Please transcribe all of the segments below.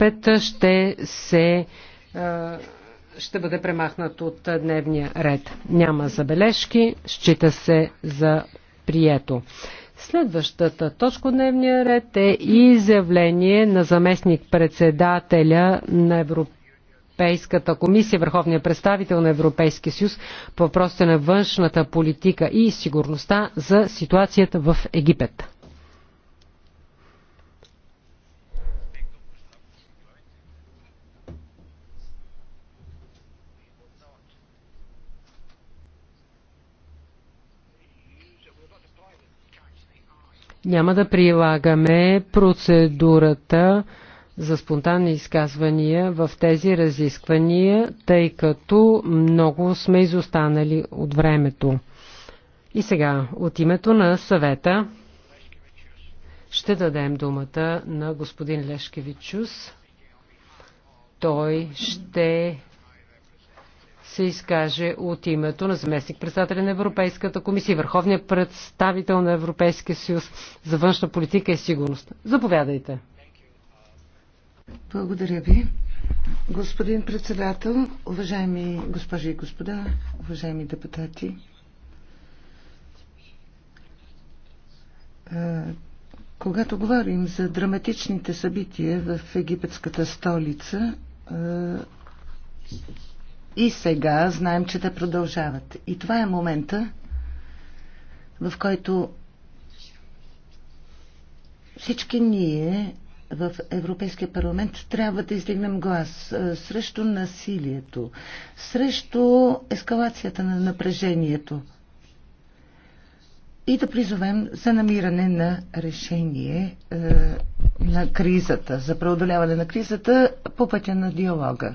5 ще се ще бъде премахнат от дневния ред. Няма забележки, счита се за прието. Следващата точка от дневния ред е изявление на заместник председателя на Европейската комисия, върховния представител на Европейския съюз по въпросите на външната политика и сигурността за ситуацията в Египет. Няма да прилагаме процедурата за спонтанни изказвания в тези разисквания, тъй като много сме изостанали от времето. И сега, от името на съвета, ще дадем думата на господин Лешкевичус. Той ще се изкаже от името на заместник председателя на Европейската комисия, върховният представител на Европейския съюз за външна политика и сигурност. Заповядайте. Благодаря ви. Господин председател, уважаеми госпожи и господа, уважаеми депутати, е, когато говорим за драматичните събития в египетската столица, е, и сега знаем, че те продължават. И това е момента, в който всички ние в Европейския парламент трябва да издигнем глас е, срещу насилието, срещу ескалацията на напрежението и да призовем за намиране на решение е, на кризата, за преодоляване на кризата по пътя на диалога.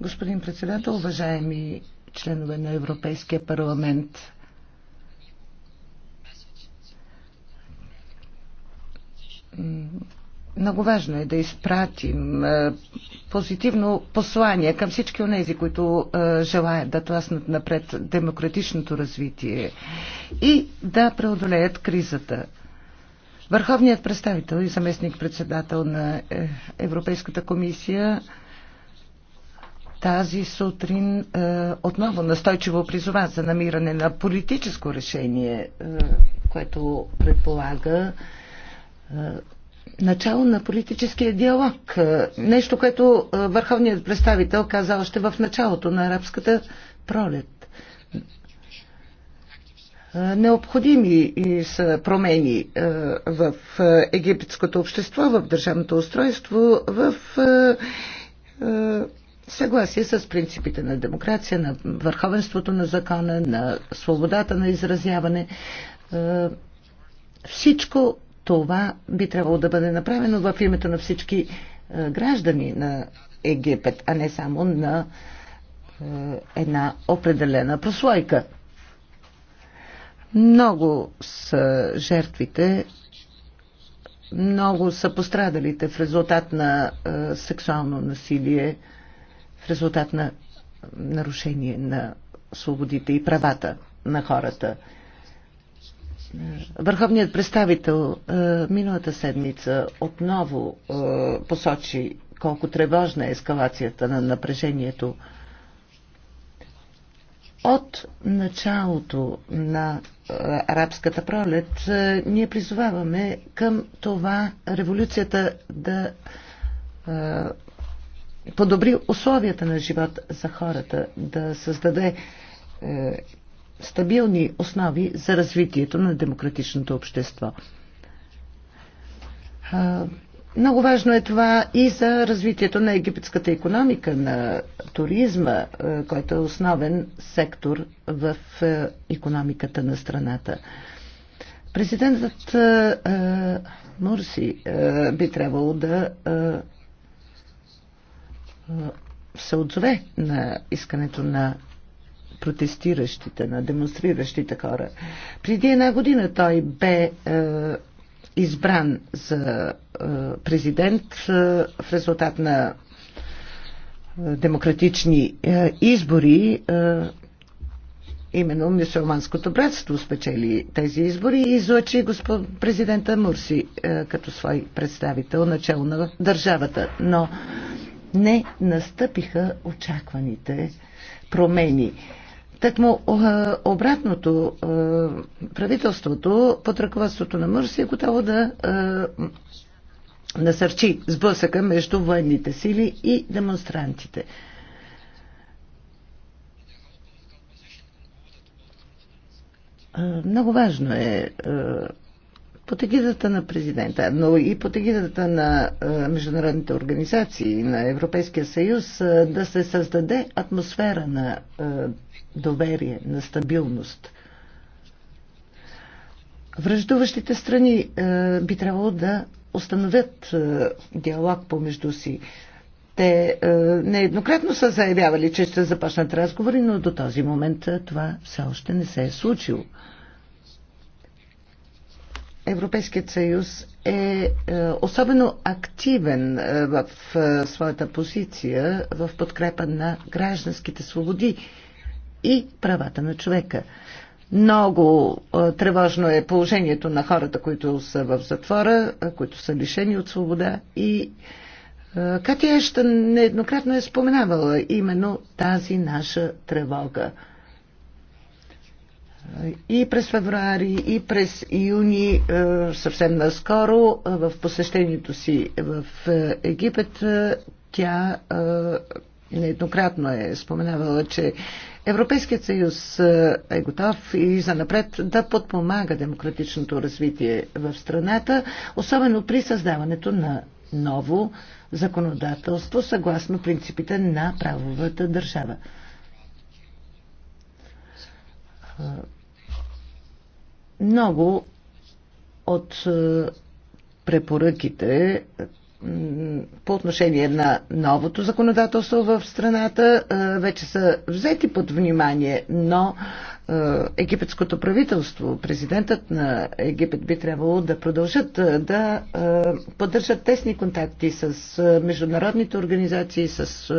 Господин председател, уважаеми членове на Европейския парламент, много важно е да изпратим е, позитивно послание към всички от тези, които е, желаят да тласнат напред демократичното развитие и да преодолеят кризата. Върховният представител и заместник председател на е, Европейската комисия тази сутрин е, отново настойчиво призова за намиране на политическо решение, е, което предполага е, начало на политическия диалог. Нещо, което върховният представител каза още в началото на арабската пролет. Необходими са промени в египетското общество, в държавното устройство, в съгласие с принципите на демокрация, на върховенството на закона, на свободата на изразяване. Е, всичко това би трябвало да бъде направено в името на всички е, граждани на Египет, а не само на е, една определена прослойка. Много са жертвите, много са пострадалите в резултат на сексуално насилие в резултат на нарушение на свободите и правата на хората. Върховният представител е, миналата седмица отново е, посочи колко тревожна е ескалацията на напрежението. От началото на е, арабската пролет ние призоваваме към това революцията да подобри условията на живот за хората, да създаде е, стабилни основи за развитието на демократичното общество. Е, много важно е това и за развитието на египетската економика, на туризма, е, който е основен сектор в е, економиката на страната. Президентът е, е Мурси е, би трябвало да е, се отзове на искането на протестиращите, на демонстриращите хора. Преди една година той бе е, избран за е, президент е, в резултат на е, демократични е, избори. Е, именно мисулманското братство спечели тези избори и излъчи господ президента Мурси е, като свой представител начало на държавата. Но е, не настъпиха очакваните промени. Такмо е, обратното, е, правителството под ръководството на Мърси е готово да е, насърчи сблъсъка между военните сили и демонстрантите. Много важно е под егидата на президента, но и под егидата на международните организации, на Европейския съюз, да се създаде атмосфера на доверие, на стабилност. Връждуващите страни би трябвало да установят диалог помежду си. Те нееднократно са заявявали, че ще започнат разговори, но до този момент това все още не се е случило. Европейският съюз е, е особено активен е, в е, своята позиция в подкрепа на гражданските свободи и правата на човека. Много тревожно е положението на хората, които са в затвора, които са лишени от свобода и Катя Еща нееднократно е споменавала именно тази наша тревога и през февруари, и през юни, е, съвсем наскоро, е, в посещението си в е, Египет, тя нееднократно е споменавала, че Европейският съюз е готов и занапред да подпомага демократичното развитие в страната, особено при създаването на ново законодателство съгласно принципите на правовата държава. Много от е, препоръките по отношение на новото законодателство в страната е, вече са взети под внимание, но е, египетското правителство, президентът на Египет би трябвало да продължат да поддържат тесни контакти с международните организации, с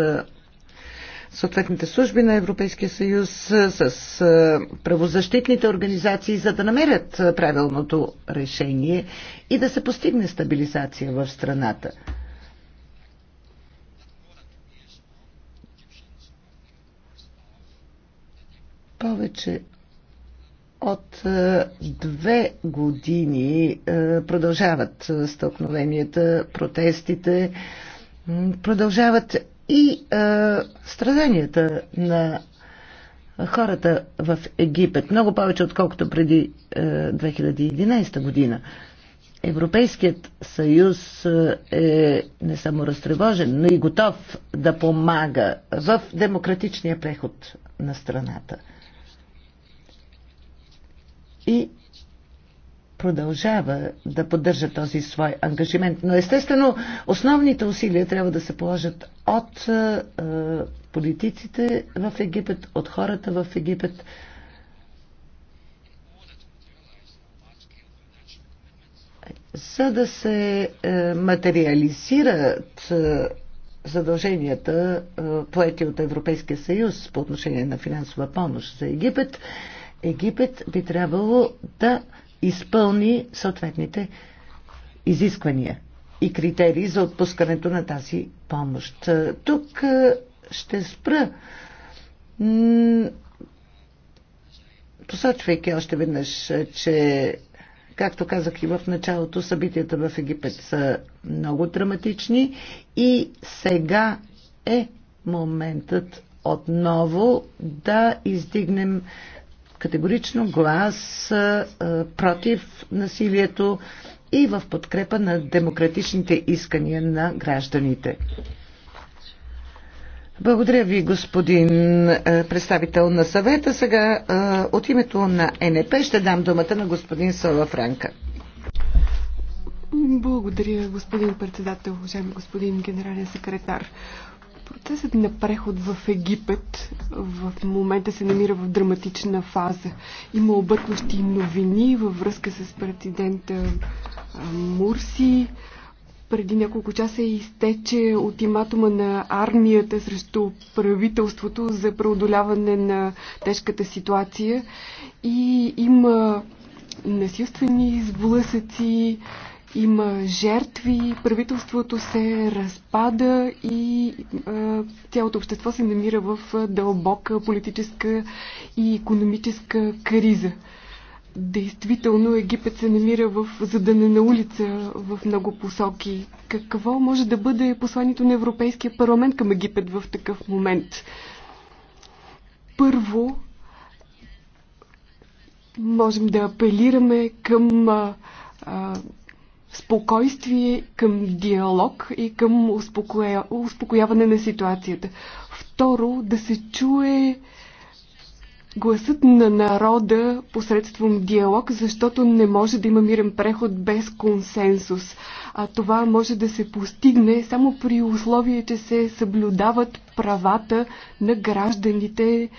съответните служби на Европейския съюз, с правозащитните организации, за да намерят правилното решение и да се постигне стабилизация в страната. Повече от две години продължават стълкновенията, протестите, продължават и а, страданията на хората в Египет, много повече отколкото преди а, 2011 година. Европейският съюз е не само разтревожен, но и готов да помага в демократичния преход на страната. И продължава да поддържа този свой ангажимент. Но естествено, основните усилия трябва да се положат от е, политиците в Египет, от хората в Египет. За да се е, материализират е, задълженията, е, поети от Европейския съюз по отношение на финансова помощ за Египет, Египет би трябвало да изпълни съответните изисквания и критерии за отпускането на тази помощ. Е, тук е, ще спра, посочвайки още веднъж, е, че, както казах и в началото, събитията в Египет са много драматични и сега е моментът отново да издигнем категорично глас против насилието и в подкрепа на демократичните искания на гражданите. Благодаря ви, господин представител на съвета. Сега от името на НП ще дам думата на господин Сола Франка. Благодаря, господин председател, уважаеми господин генерален секретар. Процесът на преход в Египет в момента се намира в драматична фаза. Има объркващи новини във връзка с президента Мурси. Преди няколко часа изтече ултиматума на армията срещу правителството за преодоляване на тежката ситуация и има насилствени сблъсъци, има жертви, правителството се разпада и а, цялото общество се намира в дълбока политическа и економическа криза. Действително Египет се намира в задане на улица в много посоки. Какво може да бъде посланието на Европейския парламент към Египет в такъв момент? Първо, можем да апелираме към а, а, спокойствие, към диалог и към успокоя... успокояване на ситуацията. Второ, да се чуе гласът на народа посредством диалог, защото не може да има мирен преход без консенсус. А това може да се постигне само при условие, че се съблюдават правата на гражданите,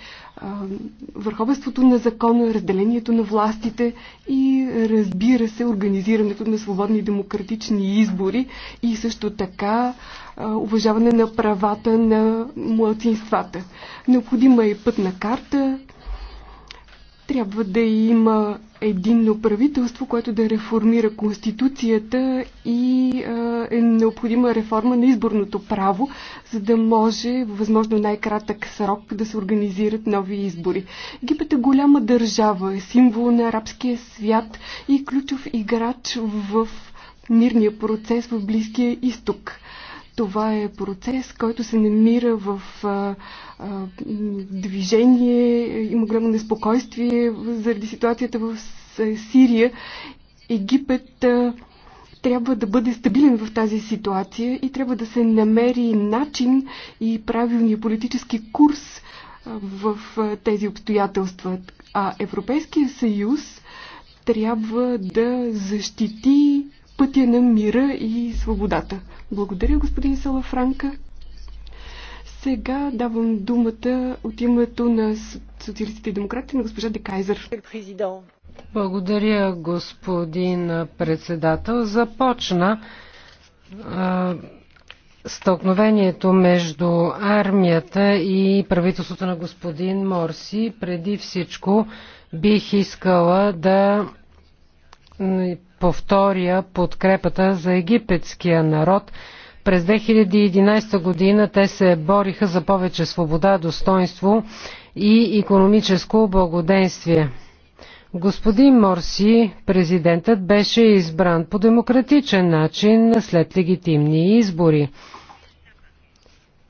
върховенството на закона, разделението на властите и разбира се организирането на свободни демократични избори и също така уважаване на правата на младсинствата. Необходима е пътна карта, трябва да има единно правителство, което да реформира Конституцията и е необходима реформа на изборното право, за да може възможно най-кратък срок да се организират нови избори. Египет е голяма държава, е символ на арабския свят и е ключов играч в мирния процес в Близкия изток. Това е процес, който се намира в а, а, движение. Има голямо неспокойствие заради ситуацията в Сирия. Египет а, трябва да бъде стабилен в тази ситуация и трябва да се намери начин и правилния политически курс в тези обстоятелства. А Европейския съюз трябва да защити пътя на мира и свободата. Благодаря, господин Салафранка. Сега давам думата от името на социалистите и демократите на госпожа Декайзер. Благодаря, господин председател. Започна а, стълкновението между армията и правителството на господин Морси. Преди всичко бих искала да повторя подкрепата за египетския народ. През 2011 година те се бориха за повече свобода, достоинство и економическо благоденствие. Господин Морси, президентът, беше избран по демократичен начин след легитимни избори.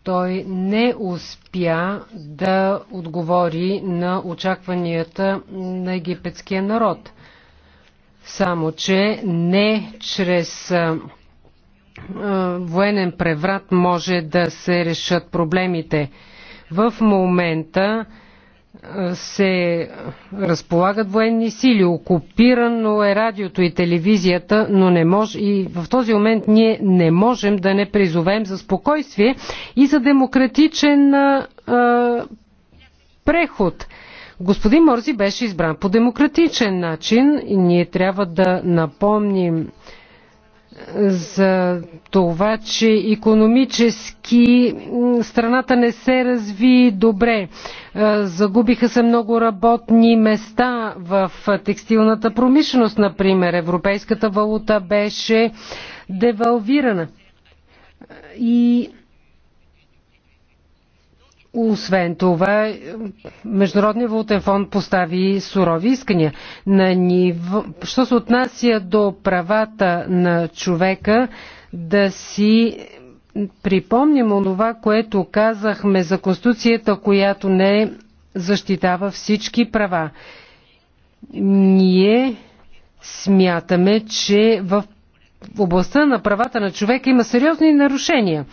Той не успя да отговори на очакванията на египетския народ – само, че не чрез военен преврат може да се решат проблемите. В момента се разполагат военни сили, окупирано е радиото и телевизията, но не мож... и в този момент ние не можем да не призовем за спокойствие и за демократичен а, преход. Господин Морзи беше избран по демократичен начин и ние трябва да напомним е, за това, че економически страната не се разви добре. Е, загубиха се много работни места в текстилната промишленост, например. Европейската валута беше девалвирана. Е, и освен това, Международният валутен фонд постави сурови искания. На ниво... Що се отнася до правата на човека да си припомним онова, което казахме за Конституцията, която не защитава всички права. Ние смятаме, че в областта на правата на човека има сериозни нарушения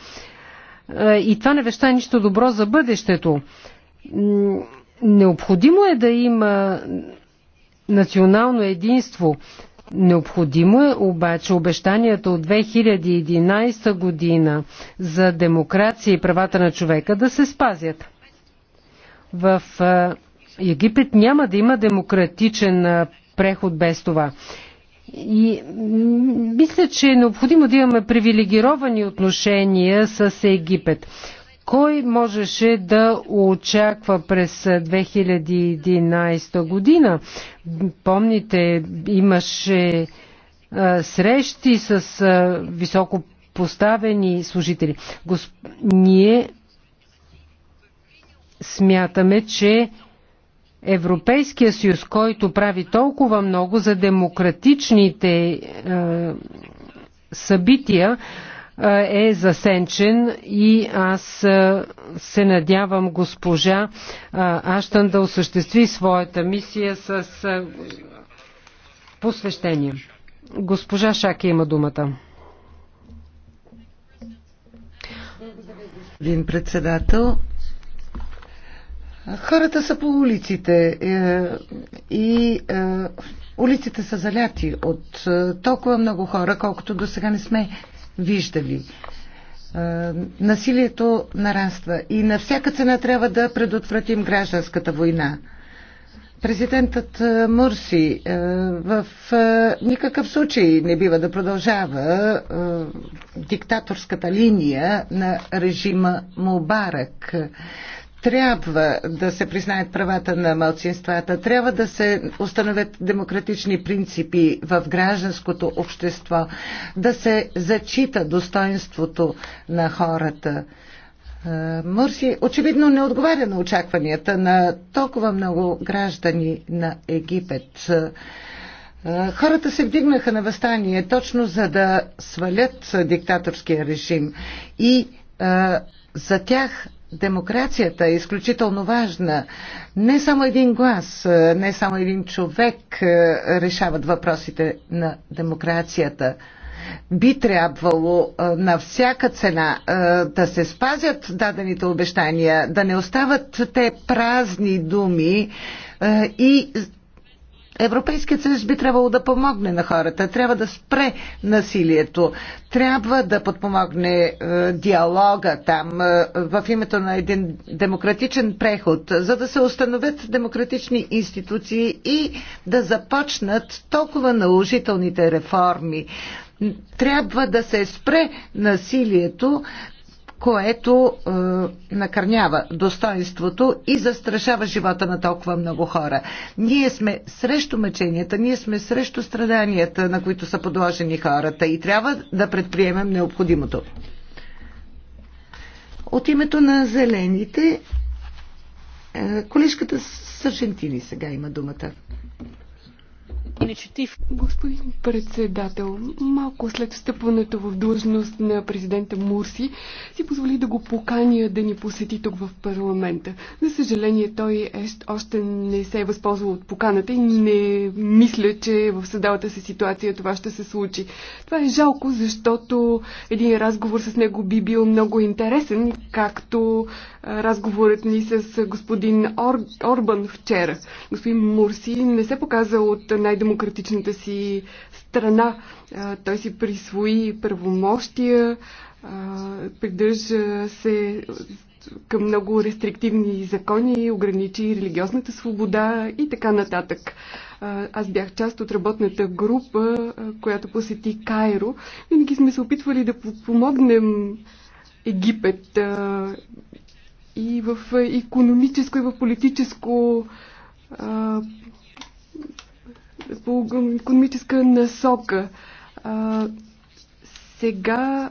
е, и това не веща нищо добро за бъдещето. Необходимо е да има национално единство. Необходимо е обаче обещанията от 2011 година за демокрация и правата на човека да се спазят. В е, Египет няма да има демократичен е, преход без това. И мисля, че е необходимо да имаме привилегировани отношения с Египет. Кой можеше да очаква през 2011 година? Помните, имаше срещи с високо поставени служители. Госп... Ние смятаме, че Европейския съюз, който прави толкова много за демократичните е, събития, е засенчен и аз е, се надявам госпожа е, Аштан да осъществи своята мисия с е, посвещение. Госпожа Шаки има думата. Вин председател, Хората са по улиците е, и е, улиците са заляти от е, толкова много хора, колкото до сега не сме виждали. Насилието нараства и на всяка цена трябва да предотвратим гражданската война. Президентът Мурси в никакъв случай не бива да продължава диктаторската линия на режима Мубарак трябва да се признаят правата на мълцинствата, трябва да се установят демократични принципи в гражданското общество, да се зачита достоинството на хората. Мърси очевидно не отговаря на очакванията на толкова много граждани на Египет. Хората се вдигнаха на възстание точно за да свалят диктаторския режим и за тях Демокрацията е изключително важна. Не само един глас, е, не само един човек е, решават въпросите на демокрацията. Би трябвало е, на всяка цена да се спазят дадените обещания, да не остават те празни думи и Европейският съюз би трябвало да помогне на хората, трябва да спре насилието, трябва да подпомогне е, диалога там е, в името на един демократичен преход, за да се установят демократични институции и да започнат толкова наложителните реформи. Трябва да се спре насилието, което е, накърнява достоинството и застрашава живота на толкова много хора. Ние сме срещу мъченията, ние сме срещу страданията, на които са подложени хората и трябва да предприемем необходимото. От името на зелените, е, с Сържентини сега има думата. Господин председател, малко след встъпването в длъжност на президента Мурси, си позволи да го поканя да ни посети тук в парламента. За съжаление, той е, още не се е възползвал от поканата и не мисля, че в съдалата се си ситуация това ще се случи. Това е жалко, защото един разговор с него би бил много интересен, както разговорът ни с господин Ор... Орбан вчера. Господин Мурси не се показа от най демократичната си страна. Той си присвои правомощия, придържа се към много рестриктивни закони, ограничи религиозната свобода и така нататък. Аз бях част от работната група, която посети Кайро. Винаги сме се опитвали да помогнем Египет и в економическо, и в политическо по економическа насока. А, сега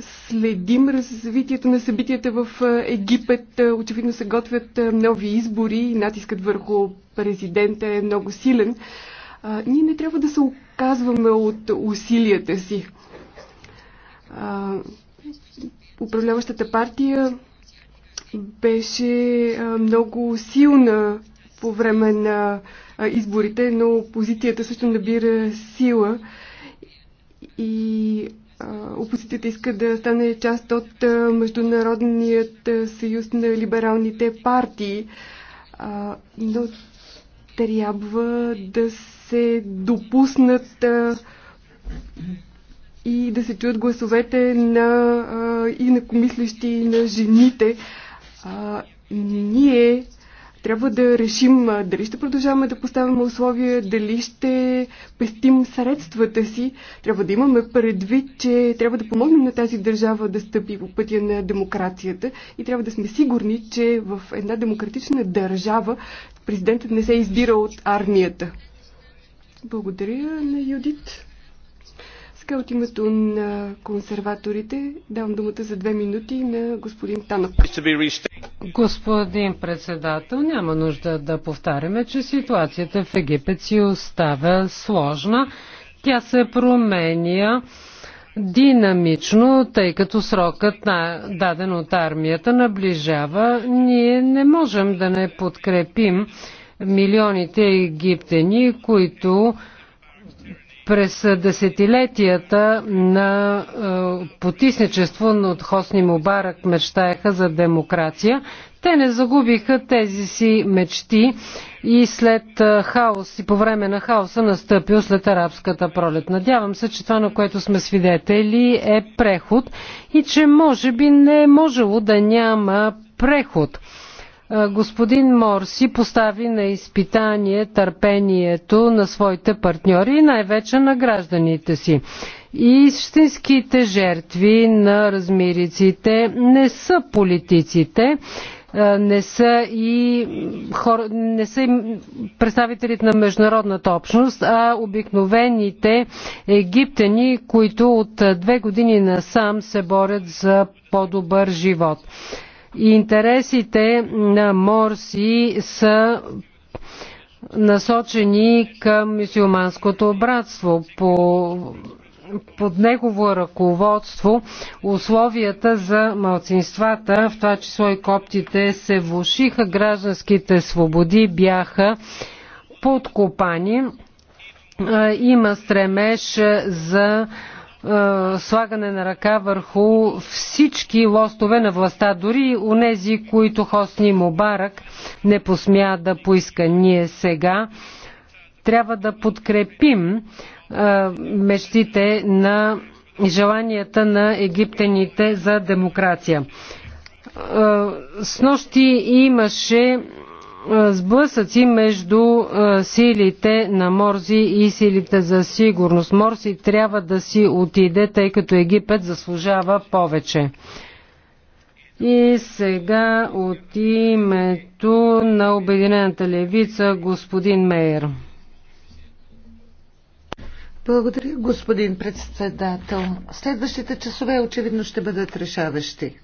следим развитието на събитията в Египет. Очевидно се готвят нови избори и натискът върху президента е много силен. А, ние не трябва да се оказваме от усилията си. А, управляващата партия беше много силна по време на изборите, но опозицията също набира сила и опозицията иска да стане част от Международният съюз на либералните партии. Но трябва да се допуснат и да се чуят гласовете на инакомислящи на жените. Ние трябва да решим дали ще продължаваме да поставяме условия, дали ще пестим средствата си. Трябва да имаме предвид, че трябва да помогнем на тази държава да стъпи по пътя на демокрацията и трябва да сме сигурни, че в една демократична държава президентът не се избира от армията. Благодаря на Юдит. Сега от името на консерваторите давам думата за две минути на господин Танок. Господин председател, няма нужда да повтаряме, че ситуацията в Египет си остава сложна. Тя се променя динамично, тъй като срокът на, даден от армията наближава. Ние не можем да не подкрепим милионите египтени, които през десетилетията на е, потисничество на Хосни Мубарак мечтаяха за демокрация. Те не загубиха тези си мечти и след е, хаос и по време на хаоса настъпил след арабската пролет. Надявам се, че това, на което сме свидетели е преход и че може би не е можело да няма преход господин Морси постави на изпитание търпението на своите партньори и най-вече на гражданите си. Истинските жертви на размириците не са политиците, не са и хор... не са и представителите на международната общност, а обикновените египтяни, които от две години насам се борят за по-добър живот. Интересите на Морси са насочени към мюсюлманското братство. По, под негово ръководство условията за малцинствата, в това число и коптите, се влушиха, гражданските свободи бяха подкопани. Има стремеж за е, слагане на ръка върху всички лостове на властта, дори у нези, които Хосни Мубарак не посмя да поиска. Ние сега трябва да подкрепим е, мечтите на желанията на египтяните за демокрация. Е, с нощи имаше е, сблъсъци между е, силите на Морзи и силите за сигурност. Морзи трябва да си отиде, тъй като Египет заслужава повече. И сега от името на Обединената левица господин Мейер. Благодаря, господин председател. Следващите часове очевидно ще бъдат решаващи.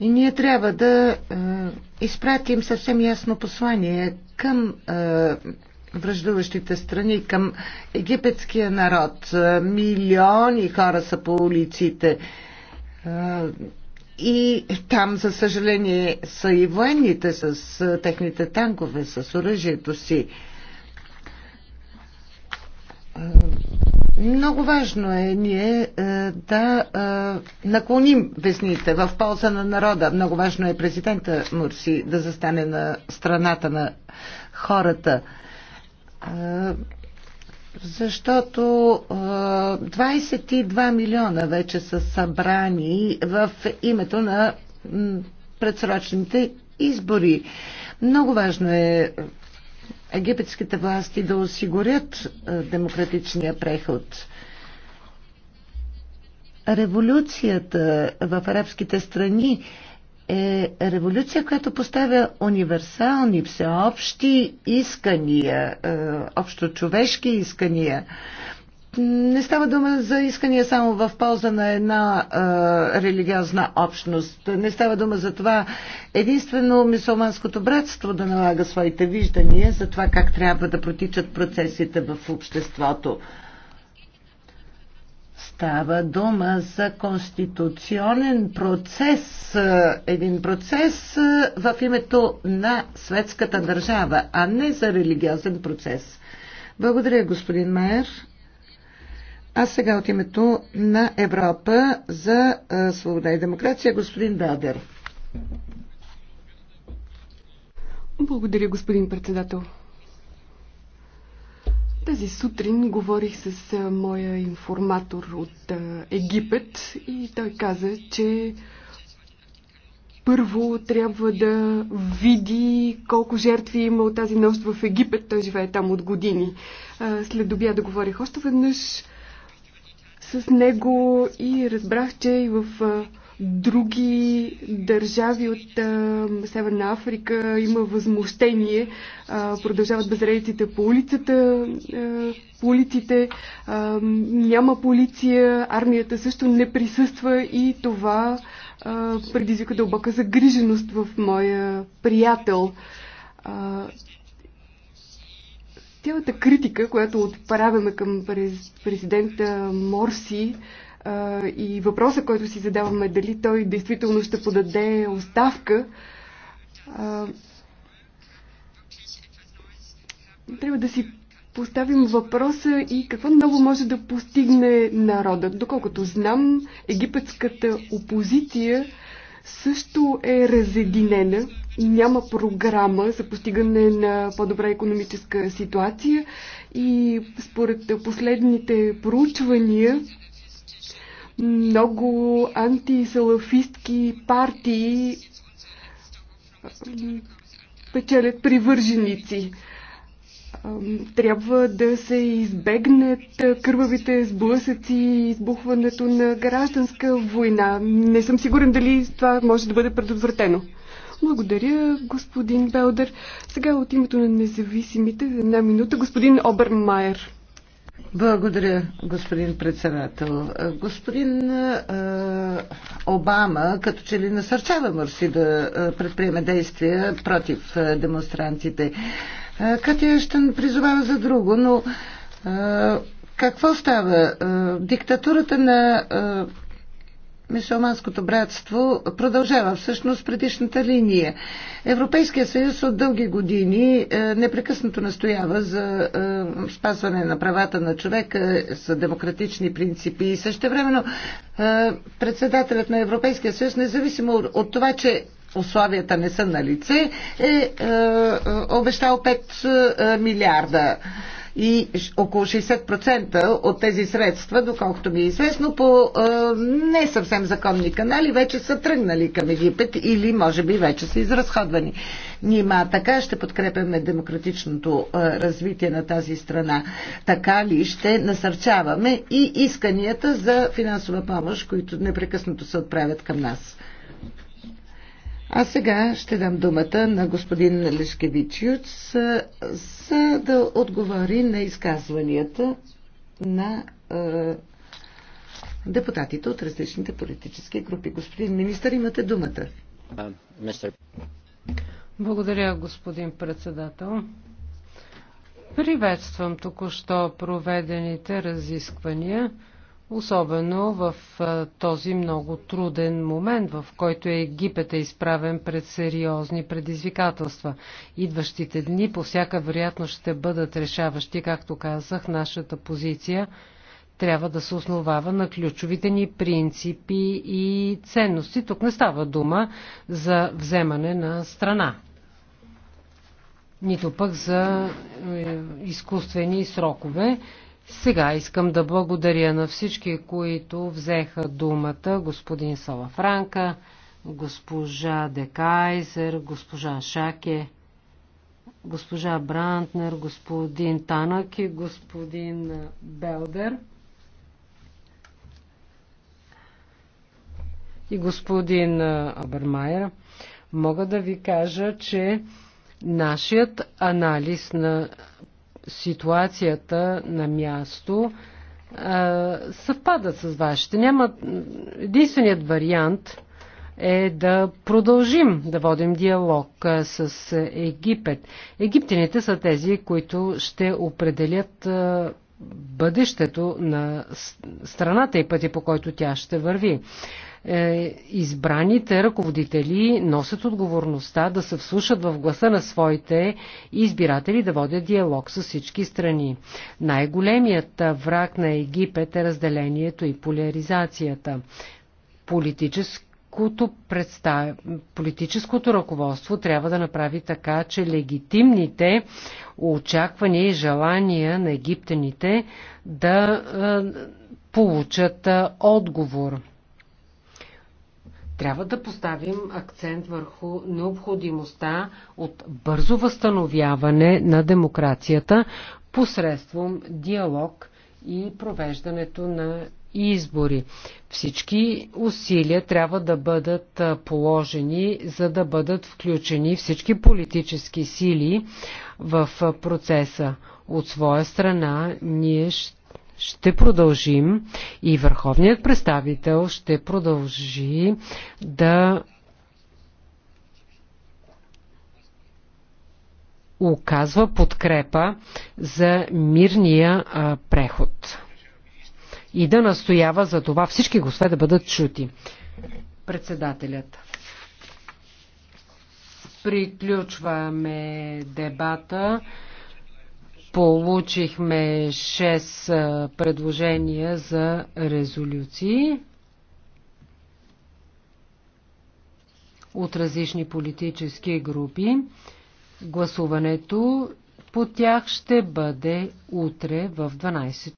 И ние трябва да е, изпратим съвсем ясно послание към е, връждуващите страни, към египетския народ. Е, милиони хора са по улиците. Е, и там, за съжаление, са и военните с е, техните танкове, с оръжието си. Е, много важно е ние е, да е, наклоним весните в полза на народа. Много важно е президента Мурси да застане на страната на хората. Е, защото 22 милиона вече са събрани в името на предсрочните избори. Много важно е египетските власти да осигурят демократичния преход. Революцията в арабските страни е революция, която поставя универсални, всеобщи искания, общо човешки искания. Не става дума за искания само в полза на една а, религиозна общност. Не става дума за това единствено мисулманското братство да налага своите виждания за това как трябва да протичат процесите в обществото. Става дума за конституционен процес, един процес в името на светската държава, а не за религиозен процес. Благодаря, господин Майер. А сега от името на Европа за свобода и демокрация, господин Белдер. Благодаря, господин председател. Тази сутрин говорих с моя информатор от Египет и той каза, че първо трябва да види колко жертви е има от тази нощ в Египет. Той живее там от години. След обяда говорих още веднъж с него и разбрах, че и в други държави от а, Северна Африка има възмущение. А, продължават безредиците по улицата, а, по улиците. А, няма полиция, армията също не присъства и това а, предизвика дълбока загриженост в моя приятел. А, Цялата критика, която отправяме към президента Морси и въпроса, който си задаваме, дали той действително ще подаде оставка, трябва да си поставим въпроса и какво много може да постигне народът. Доколкото знам, египетската опозиция също е разединена и няма програма за постигане на по-добра економическа ситуация и според последните проучвания много антисалафистки партии печелят привърженици трябва да се избегнат кървавите сблъсъци и избухването на гражданска война. Не съм сигурен дали това може да бъде предотвратено. Благодаря, господин Белдер. Сега от името на независимите една минута господин Обермайер. Благодаря, господин председател. Господин е, Обама като че ли насърчава Мърси да предприеме действия против демонстрантите. Е, Катя ще призовава за друго, но е, какво става? Е, диктатурата на мисулманското братство продължава всъщност предишната линия. Европейския съюз от дълги години непрекъснато настоява за спазване на правата на човека, за демократични принципи и същевременно председателят на Европейския съюз, независимо от това, че условията не са на лице, е, е, е обещал 5 милиарда и около 60% от тези средства, доколкото ми е известно, по е, не съвсем законни канали вече са тръгнали към Египет или може би вече са изразходвани. Нима така ще подкрепяме демократичното е, развитие на тази страна. Така ли ще насърчаваме и исканията за финансова помощ, които непрекъснато се отправят към нас. А сега ще дам думата на господин Лешкевичиус, за да отговори на изказванията на е, депутатите от различните политически групи. Господин министър, имате думата. Благодаря, господин председател. Приветствам току-що проведените разисквания. Особено в този много труден момент, в който Египет е изправен пред сериозни предизвикателства. Идващите дни по всяка вероятност ще бъдат решаващи, както казах, нашата позиция трябва да се основава на ключовите ни принципи и ценности. Тук не става дума за вземане на страна, нито пък за е, изкуствени срокове. Сега искам да благодаря на всички, които взеха думата, господин Сала Франка, госпожа Декайзер, госпожа Шаке, госпожа Брантнер, господин Танък и господин Белдер. и господин Абермайер, мога да ви кажа, че нашият анализ на ситуацията на място съвпадат с вашите. Няма... Единственият вариант е да продължим да водим диалог с Египет. Египтяните са тези, които ще определят бъдещето на страната и пъти по който тя ще върви. Е, избраните ръководители носят отговорността да се вслушат в гласа на своите избиратели, да водят диалог с всички страни. Най-големият враг на Египет е разделението и поляризацията. Политическото, представ... политическото ръководство трябва да направи така, че легитимните очаквания и желания на египтяните да е, получат е, отговор. Трябва да поставим акцент върху необходимостта от бързо възстановяване на демокрацията посредством диалог и провеждането на избори. Всички усилия трябва да бъдат положени, за да бъдат включени всички политически сили в процеса. От своя страна ние ще ще продължим и върховният представител ще продължи да оказва подкрепа за мирния а, преход и да настоява за това всички госве да бъдат чути. Председателят. Приключваме дебата. Получихме 6 предложения за резолюции от различни политически групи. Гласуването по тях ще бъде утре в 12.